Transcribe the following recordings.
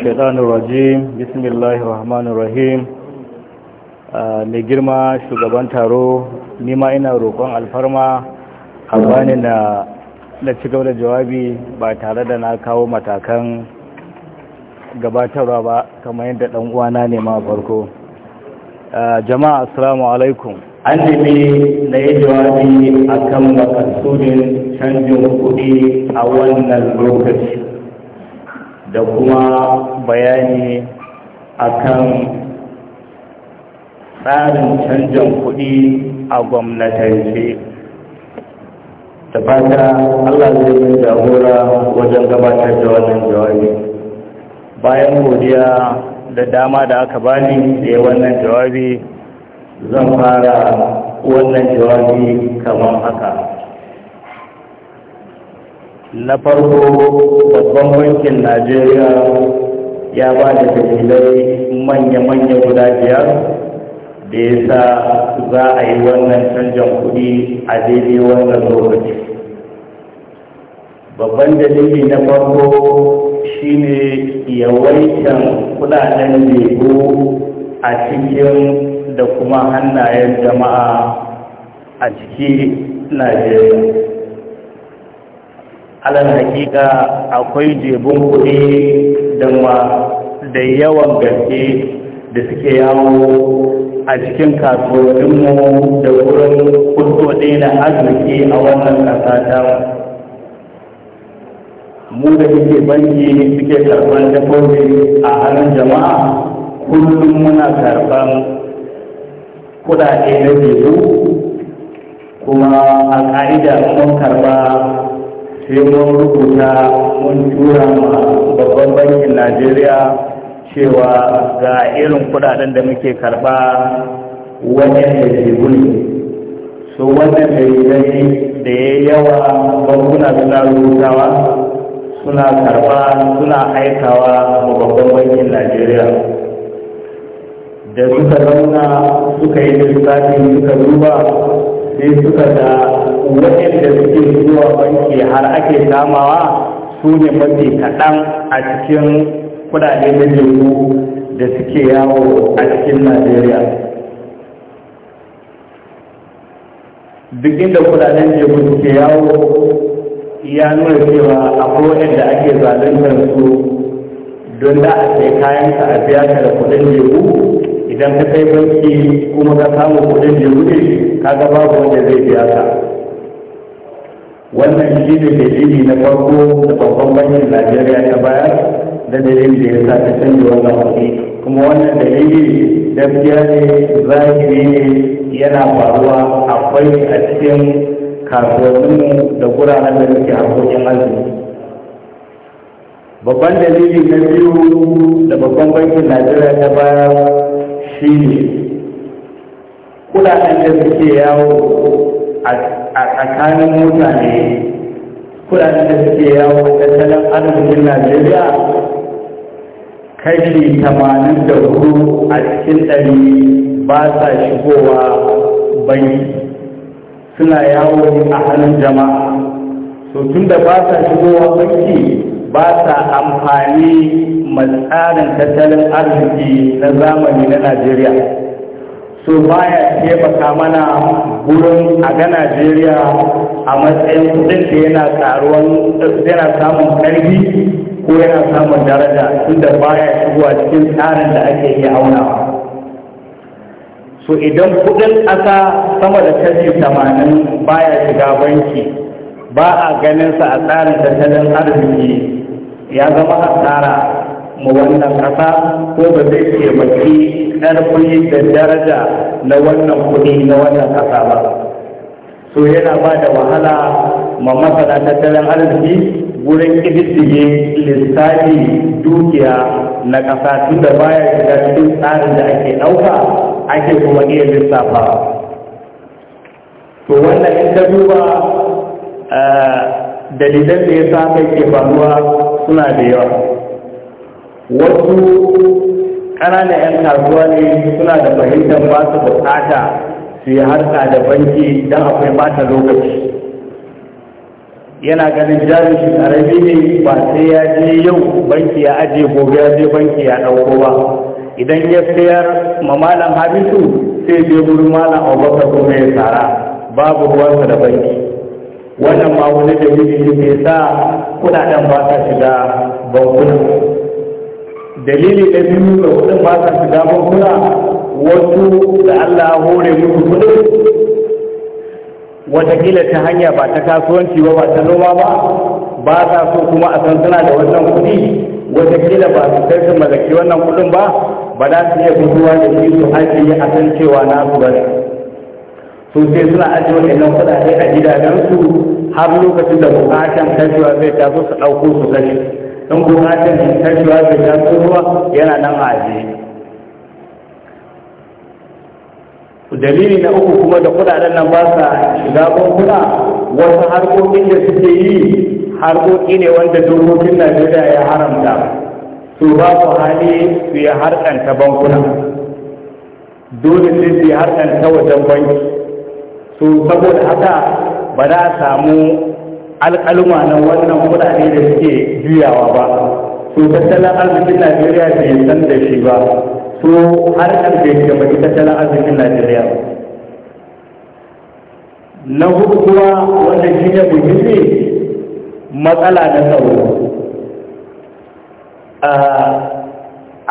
shaitan rajim bismillahir rahmanir rahim ah, mai girma shugaban taro nima ina roƙon alfarma a bani na ci cigaba da jawabi ba tare da na kawo matakan gabatarwa ba kamar yadda ɗan uwana ne ma farko ah, jama'a assalamu alaikum an nemi na yi jawabi akan makasudin canjin kuɗi a wannan lokaci da kuma bayani a kan tsarin canjin kuɗi a gwamnatance da fata allah zai yi jagora wajen gabatar da wannan jawabi bayan godiya da dama da aka bani da wannan jawabi zan fara wannan jawabi kamar haka na farko babban bankin najeriya ya ba da dalilai manya-manya guda biyar da ya sa za a yi wannan canjan kuɗi a daidai wannan lokaci babban dalili na farko shine yawaitan kudaden lebo a cikin da kuma hannayen jama'a a ciki najeriya alal hakika akwai jebun kuɗi da yawan gaske da suke yawo a cikin mu da wurin kuɗoɗe na arziki a wannan kasata mu da suke banki suke karɓar dafofi a halin jama'a kullum muna karɓar kuɗaɗe na jebu kuma a ƙa'ida mun karɓa sai mun rubuta mun tura ma babban bankin najeriya cewa ga irin kudaden da muke karba wajen da ke gulmi su wannan dalilai da ya yawa bankuna suna rubutawa suna karba suna aikawa ma babban bankin najeriya da suka zauna suka yi lissafi suka duba sai suka da waɗanda suke zuwa banki har ake samawa su ne mafi kaɗan a cikin kudade na jirgu da suke yawo a cikin najeriya duk inda kudaden jirgu suke yawo ya nuna cewa akwai waɗanda ake zaluntar su don da a kayan ka a biya da kudin jirgu idan ka kai banki kuma ka samu kudin da ka kaga babu wanda zai biya ka wannan shi ne dalili na farko da babban bankin najeriya ta bayar da dalilin da ya sa ta canza wannan kuɗi kuma wannan dalili gaskiya ne zahiri ne yana faruwa akwai a cikin kasuwanninmu da guraren da suke harkokin arziki babban dalili na biyu da babban bankin najeriya ta bayar shi ne kudaden da suke yawo a tsakanin mutane kudaden da suke yawo tattalin arzikin najeriya kashi tamanin da hudu a cikin ɗari ba sa shigowa banki suna yawo a hannun jama'a so tun da ba sa shigowa banki ba sa amfani matsarin tattalin arziki na zamani na najeriya so baya taimaka mana gurin a ga najeriya a matsayin kudin da yana karuwan yana samun karfi ko yana samun daraja tunda baya shigowa cikin tsarin da ake iya aunawa so idan kudin ƙasa sama da kashi tamanin baya shiga banki ba a ganin sa a tsarin tattalin arziki ya zama hasara ma wannan ƙasa ko ba zai taimaki ƙarfi da daraja na wannan kuɗi na wannan ƙasa ba so yana ba da wahala ma masana tattalin arziki wurin ƙididdige lissafi dukiya na ƙasa tun da baya shiga cikin tsarin da ake ɗauka ake kuma iya lissafa to wannan in ka duba eh, dalilan da ya sa kai ke faruwa suna da yawa wasu ƙananan 'yan kasuwa ne suna da fahimtar ba su bukata su yi harka da banki don akwai bata lokaci yana ganin jarin shi ƙarami ne ba sai ya je yau banki ya ajiye gobe ya je banki ya ɗauko ba idan ya sayar ma malam Habisu sai je wurin malam abubakar kuma ya tsara babu ruwansa da banki wannan ma wani dalili ne mai sa kudaden ba sa shiga bankuna dalili da biyu da kudin ba sa shiga bankuna wasu da Allah hore musu kudin watakila ta hanya ba ta kasuwanci ba ba ta noma ba ba sa so kuma a san suna da wannan kudi watakila ba su kai su mallaki wannan kudin ba ba za su iya guduwa da shi su ajiye a san cewa na su bane sun sai suna ajiye waɗannan kuɗaɗe a gidajensu har lokacin da bukatan tashiwa zai taso su ɗauko su kashe in bukatan tashiwa zai taso ruwa yana nan a ajiye dalili na uku kuma da kuɗaɗen nan ba sa shiga bankuna wasu harkokin da suke yi harkoki ne wanda dokokin najeriya ya haramta su ba su hali su yi harkanta bankuna dole sai su yi harkanta wajen banki to saboda haka ba za a samu alƙaluma na wannan kuɗaɗe da suke juyawa ba to tattalin arzikin najeriya bai san da shi ba to har ƙarfe da bai tattalin arzikin najeriya na hudu kuma wanda shi ne muhimmi matsala na tsaro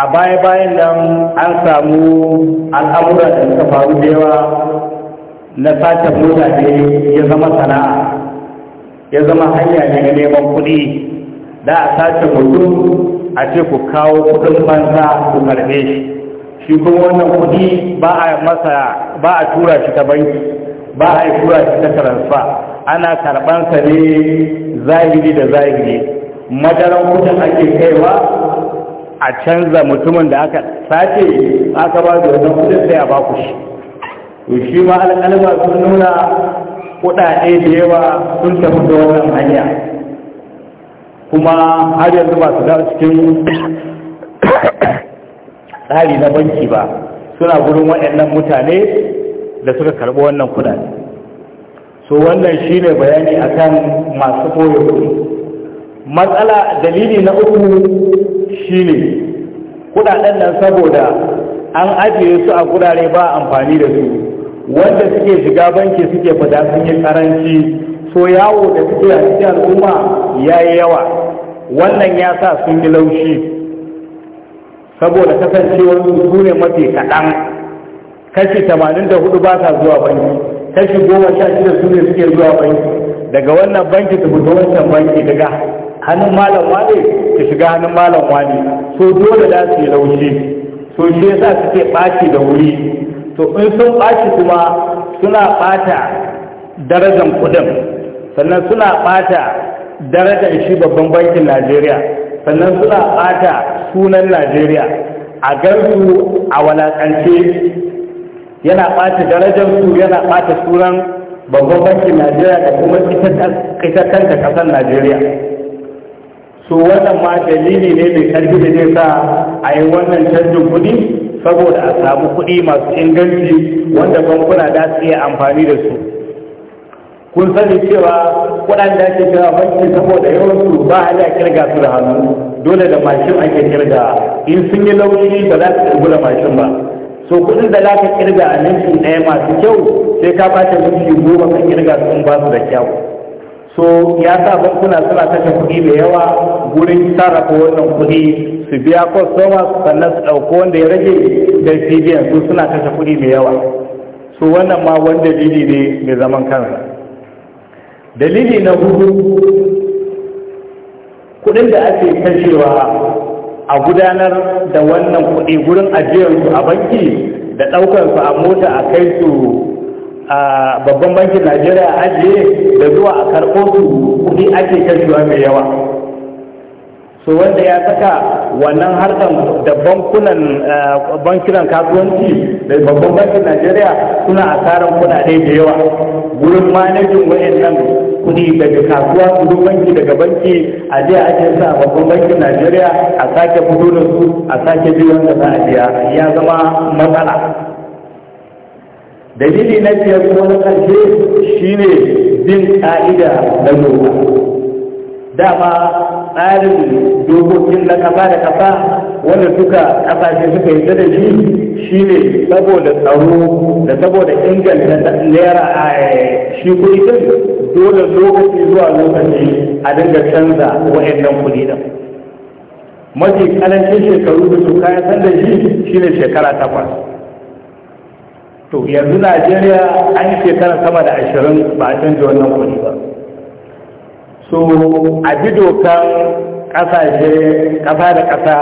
a baya-bayan nan an samu al'amura da suka faru da yawa na sace mutane ya zama sana'a ya zama hanya ne na neman kuɗi da a sace mutum a ce ku kawo kuɗin banza ku karɓe shi shi kuma wannan kuɗi ba a masa ba a tura shi ta banki ba a yi tura shi ta transfer ana karɓansa ne zahiri da zahiri madaran kuɗin ake kaiwa a canza mutumin da aka sace aka ba da wannan kuɗin sai a ba ku shi shi ma alƙalba sun nuna kuɗaɗe da yawa sun tafi da wannan hanya kuma har yanzu ba su dawo cikin tsari na banki ba suna gurin waɗannan mutane da suka karɓi wannan kuɗaɗe so wannan shi ne bayani akan masu koyo matsala dalili na uku shi ne kuɗaɗen nan saboda an ajiye su a gurare ba amfani da su wanda suke shiga banki suke fada sun yi karanci so yawo da suke a cikin al'umma ya yi yawa wannan ya sa sun yi laushi saboda kasancewar su ne mafi kaɗan kashi 84 ba sa zuwa banki kashi 16 su ne suke zuwa banki daga wannan banki su fito wancan banki daga hannun malam wane su shiga hannun malam wane so dole da su yi laushi so shi yasa suke ɓaci da wuri to in sun ɓaci kuma suna ɓata darajar kudin sannan suna ɓata darajar shi babban bankin najeriya sannan suna ɓata sunan najeriya a gansu a walakance yana ɓata su yana ɓata sunan babban bankin najeriya da kuma ita kanta ƙasar najeriya su wannan ma dalili ne mai ƙarfi da zai sa a yi wannan canjin kuɗi saboda a samu kuɗi masu inganci wanda bankuna da su iya amfani da su kun sani cewa kuɗan da ake kira banki saboda yawansu ba a da kirga su da hannu dole da mashin ake kirga in sun yi laushi ba za su kirgu da mashin ba so kuɗin da za ka kirga a minti ɗaya masu kyau sai ka ba ta minti goma ka kirga su in ba su da kyau so ya sa bankuna suna kashe kuɗi da yawa wurin sarrafa wannan kuɗi su biya kwastoma sannan su ɗauko wanda ya rage da cbn su suna kashe kuɗi mai yawa su wannan ma wani dalili ne mai zaman kansa dalili na hudu kuɗin da ake kashewa a gudanar da wannan kuɗi gurin ajiyarsu a banki da ɗaukarsu a mota a kai su a babban bankin najeriya ajiye da zuwa a karɓo su kuɗi ake kashewa mai yawa to wanda ya saka wannan harkar da bankunan eh, bankinan kasuwanci da babban bankin najeriya suna a asarar kudade da yawa wurin manajin wayannan kudi daga kasuwa kudu banki daga banki a jiya ake sa babban bankin najeriya a sake fito da su a sake biyan da za a biya ya zama matsala dalili na biyar kuma na ƙarshe shine bin ƙa'ida na noma dama tsarin dokokin na kafa da kafa wanda suka kasashe suka yi da shi shine saboda tsaro da saboda inganta naira a shi kuɗi din dole lokaci zuwa lokaci a dinga canza wa'annan kuɗi din mafi shekaru da su kayan sanda shi shine shekara takwas to yanzu najeriya an shekara sama da ashirin ba a canza wannan kuɗi ba so a bi dokan kasashe kasa da kasa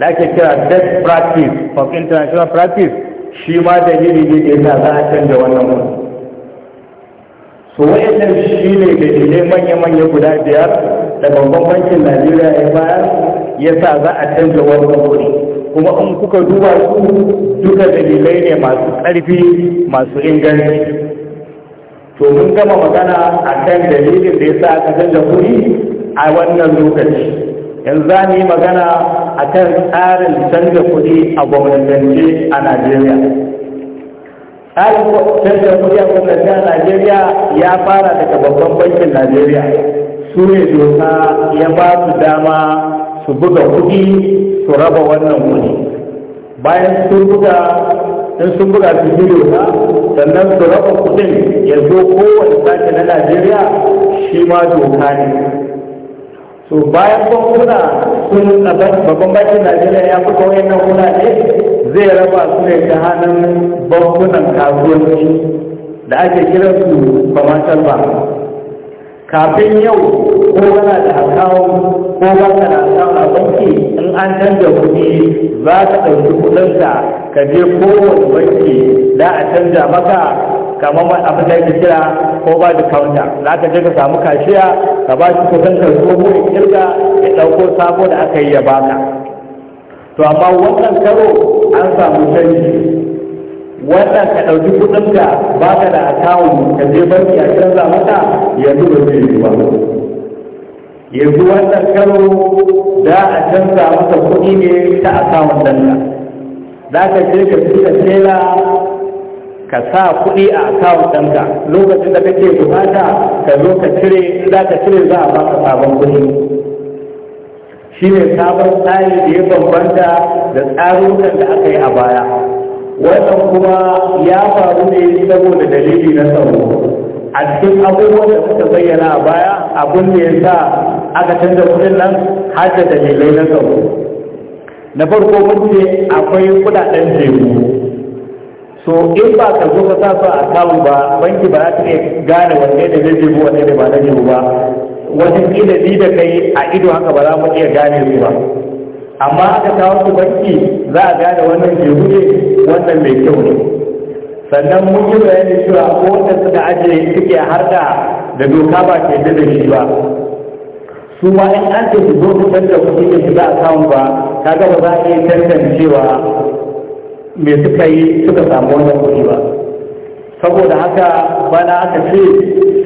da ake kira best practice of international practice shi ma da yiri ne da za a canza wannan mun. so wayannan shi ne da ne manya-manya guda biyar da babban bankin najeriya ya bayar ya sa za a canza wannan wuri kuma in kuka duba su duka dalilai ne masu ƙarfi masu inganci to mun gama magana a kan dalilin da ya sa aka canza kuɗi a wannan lokaci yanzu za mu yi magana a kan tsarin canza kuɗi a gwamnatance a najeriya tsarin canza kuɗi a gwamnatance a najeriya ya fara daga babban bankin najeriya su ne doka ya ba su dama su buga kuɗi su raba wannan kuɗi bayan sun buga in sun buga su yi doka sannan su raba kudin ya zo kowane sake na najeriya shi ma doka ne so bayan bankuna sun babban bakin najeriya ya fi kawai na ne zai raba su ne ta hannun bankunan kasuwanci da ake kiransu commercial bank kafin yau ko kana da akawun ko ba ka da a banki in an canza kuɗi za ka ɗauki kuɗinka ka je kowane banki za a canza maka kamar abin da ake kira ko ba da kawunta za ka je ka samu kashiya ka ba shi kuɗin ka zo ko kirga ya ɗauko sabo da aka yi ya baka to amma wannan karo an samu canji wannan ka ɗauki kuɗin da ba ka da akawun ka je banki a canza mata yanzu ba zai yi ba yanzu wannan karo da a canza masa kuɗi ne ta akawun ɗanka za ka je ka fi da tela ka sa kuɗi a akawun ɗanka lokacin da kake bukata ka zo ka cire za ka cire za a baka sabon kuɗi shi ne sabon tsari da ya bambanta da tsarukan da aka yi a baya wannan kuma ya faru ne saboda dalili na tsaro a cikin abubuwan da suka bayyana a baya abin da ya sa aka canza kudin nan har da dalilai na tsaro na farko mun akwai kudaden jebu so in ba ka zo ka sa su a kawo ba banki ba za ta iya gane wanne da zai jebu wanne da ba na jebu ba Wajen ƙila ni da kai a ido haka ba za mu iya gane su ba amma aka kawo su banki za a gane wannan ke ne wannan mai kyau ne sannan mun yi bayani cewa ko wannan suka ajiye suke harda da doka ba ke da shi ba su ma in an ce su zo su canza kuɗi da shiga akawun ba kaga ba za a iya tantancewa me suka yi suka samu wannan kuɗi ba saboda haka bana aka ce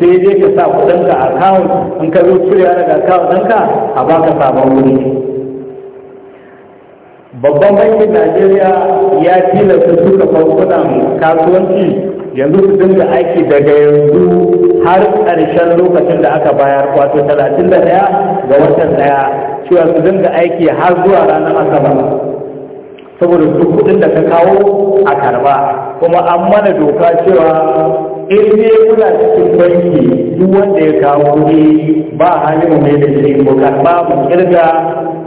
sai dai ka sa kuɗinka a akawun in ka zo cirewa daga akawun ɗinka a baka sabon wuri babban bankin najeriya ya tilasta suka bankunan kasuwanci yanzu su dinga aiki daga yanzu har ƙarshen lokacin da aka bayar wato 31 ga watan daya cewa su dinga aiki har zuwa ranar asabar saboda duk kudin da ka kawo a karba kuma an mana doka cewa in ne kula cikin banki duk wanda ya kawo kuɗi ba hannun mai da shi mu karba mu kirga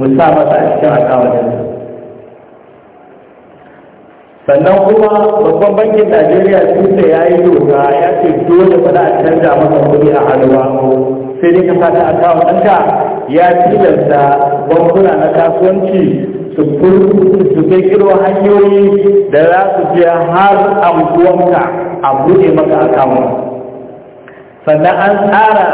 mu sa masa a cikin akawun sannan kuma babban bankin najeriya sun da ya yi doka ya ce dole ba za a canza masa kuɗi a halwa sai dai ka fata a kawo ɗanka ya tilasta bankuna na kasuwanci su kirkiro hanyoyi da za su biya har amfuwanka a buɗe maka akawun sannan an tsara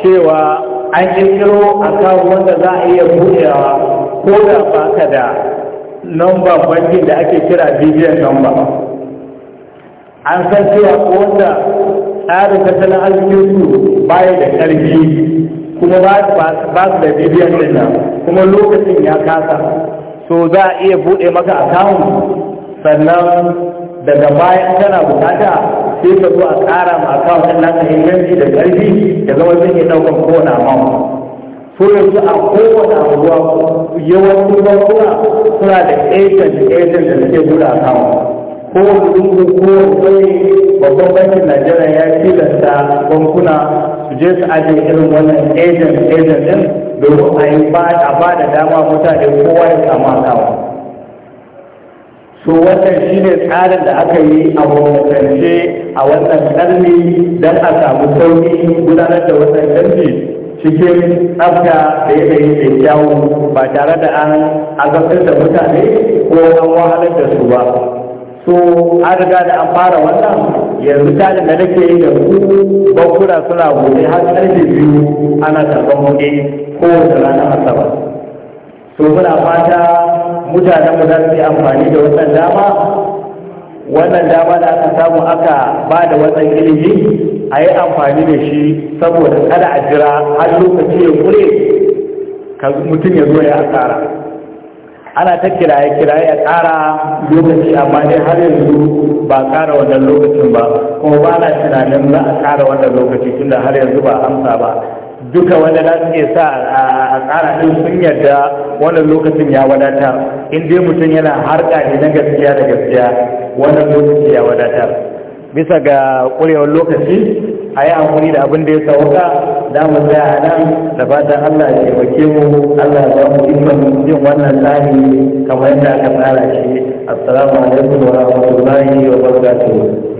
cewa an kirkiro kawo wanda za a iya buɗewa ko da ba ka da nomba bankin da ake kira bidiyon nomba an san cewa wanda tsarin tattalin arzikinsu baya da ƙarfi kuma ba su da bidiyon din kuma lokacin ya kasa so za a iya buɗe maka akawun sannan daga bayan kana bukata sai ka zo a ƙara ma akawun ɗin naka inganci da ƙarfi da zama zai iya ɗaukar kowane amount sun yanzu a kowane abubuwa yawancin bankuna suna da agent agent da suke buɗe kawo ko dubu ko wani babban bankin najeriya ya tilasta bankuna su je su aje irin wannan agent agent din domin a yi ba da dama mutane kowa ya samu kawo to wannan shi ne tsarin da aka yi a gwamnatance a wannan karni don a samu sauƙi gudanar da wannan karni cikin tsafta da ya yanayi yi kyawu ba tare da an azabtar da mutane ko an wahalar da su ba so an riga da an fara wannan yanzu tare da nake yi da ku bakura suna gobe har karfe biyu ana karɓar ko kowace rana asaba so muna fata mutanenmu za su yi amfani da wannan dama wannan dama da aka samu aka ba da wannan ilimi a yi amfani da shi saboda kada a jira har lokaci ya kure ka mutum ya zo ya tsara ana ta kiraye kiraye a tsara lokaci amma dai har yanzu ba tsara wannan lokacin ba kuma ba na tunanin za a tsara wannan lokaci tunda har yanzu ba amsa ba duka wanda za su sa a tsara ɗin sun yarda wannan lokacin ya wadatar in dai mutum yana harka ne na gaskiya da gaskiya wannan lokaci ya wadatar bisa ga ƙurewar lokaci a yi amfani da abin da ya sauka da mu tsaya a nan da fatan Allah ya taimake mu Allah ya ba mu ikon yin wannan tsari kamar yadda aka tsara shi assalamu alaikum wa rahmatullahi wa barakatuh